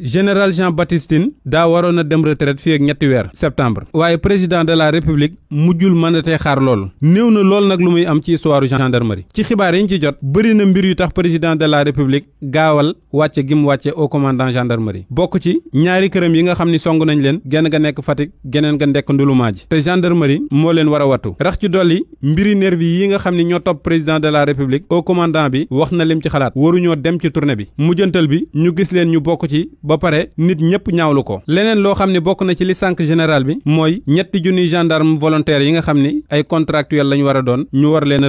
général Jean Baptiste Tine daa waroon a dem retraite fii ak ñetti weer septembre waaye président de la république mujjul mënatee xaar loolu néew na lool nag lu muy am ci histoire gendarmerie ci xibaar yi ñu ci jot bëri na mbir yu tax président de la république gaawal wàcce gim wàcce au commandant gendarmerie bokk ci ñaari këram yi nga xam ni song nañ leen genn nga nekk Fatick geneen nga nekk Ndouloumaa ji te gendarmerie moo leen war a wattu rax ci dolli mbiri nervi yi nga xam ni ñoo topp président de la république au bi wax na lim ci xalaat waruñoo dem ci tournée bi mujjantal bi ñu gis leen ñu bokk ci ba pare nit ñëpp ñaawlu ko leneen loo xam ne bokk na ci li sànq général bi mooy ñetti junniy gendarme volontaire yi nga xam ni ay contractuel lañ war a doon ñu war leen a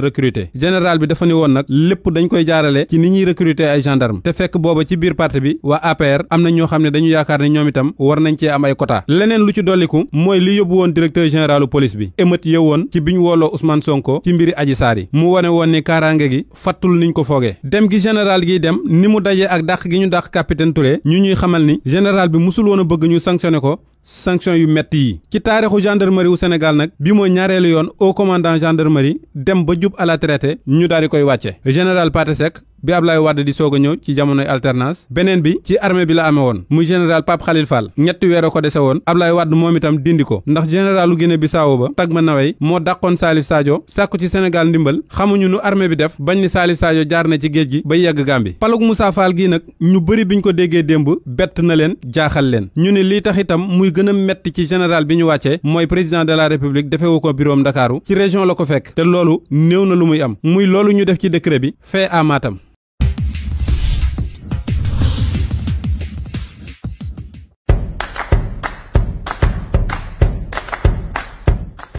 général bi dafa ne woon nag lépp dañ koy jaarale ci ni ñuy recruter ay gendarme te fekk booba ci biir parti bi waa APR am na ñoo xam ne dañu yaakaar ne ñoom itam war nañ cee am ay quota leneen lu ci dolliku mooy li yóbbu woon directeur généralu police bi émeute ya woon ci biñ wooloo Ousmane Sonko ci mbiri Adji Sarr mu wane woon ni kaaraange gi fàttul niñ ko foogee dem gi général gi dem ni mu dajee ak dàq gi ñu dàq capitaine Touré ñu xam xamal ni général bi musul woona bëgg ñu sanctionné ko sanction yu metti yi ci taarixu gendarmerie wu Sénégal nag bi mooy ñaareelu yoon au commandant gendarmerie dem ba jub à la traité ñu daal di koy wàcce général Pathé bi Ablaye Wade di soog a ñëw ci jamonoy alternance beneen bi ci armée bi la amee woon muy général Pape Khalil Fall ñetti weer ko dese woon Ablaye Wade moom itam dindi ko ndax généralu Guinée Bissau ba Tagma Nawey moo dàqoon Salif Sadio sàkku ci Sénégal ndimbal xamuñu nu armée bi def bañ ni Salif Sadio jaar na ci géej gi bay yegg bi palug Moussa Fall gii nag ñu bëri ñu ko déggee démb bett na leen jaaxal leen ñu ne lii tax itam muy gën a metti ci général bi ñu wàccee mooy président de la république defewu ko biroom Ndakaaru ci région la ko fekk te loolu néew na lu muy muy loolu ñu def ci décret bi fee à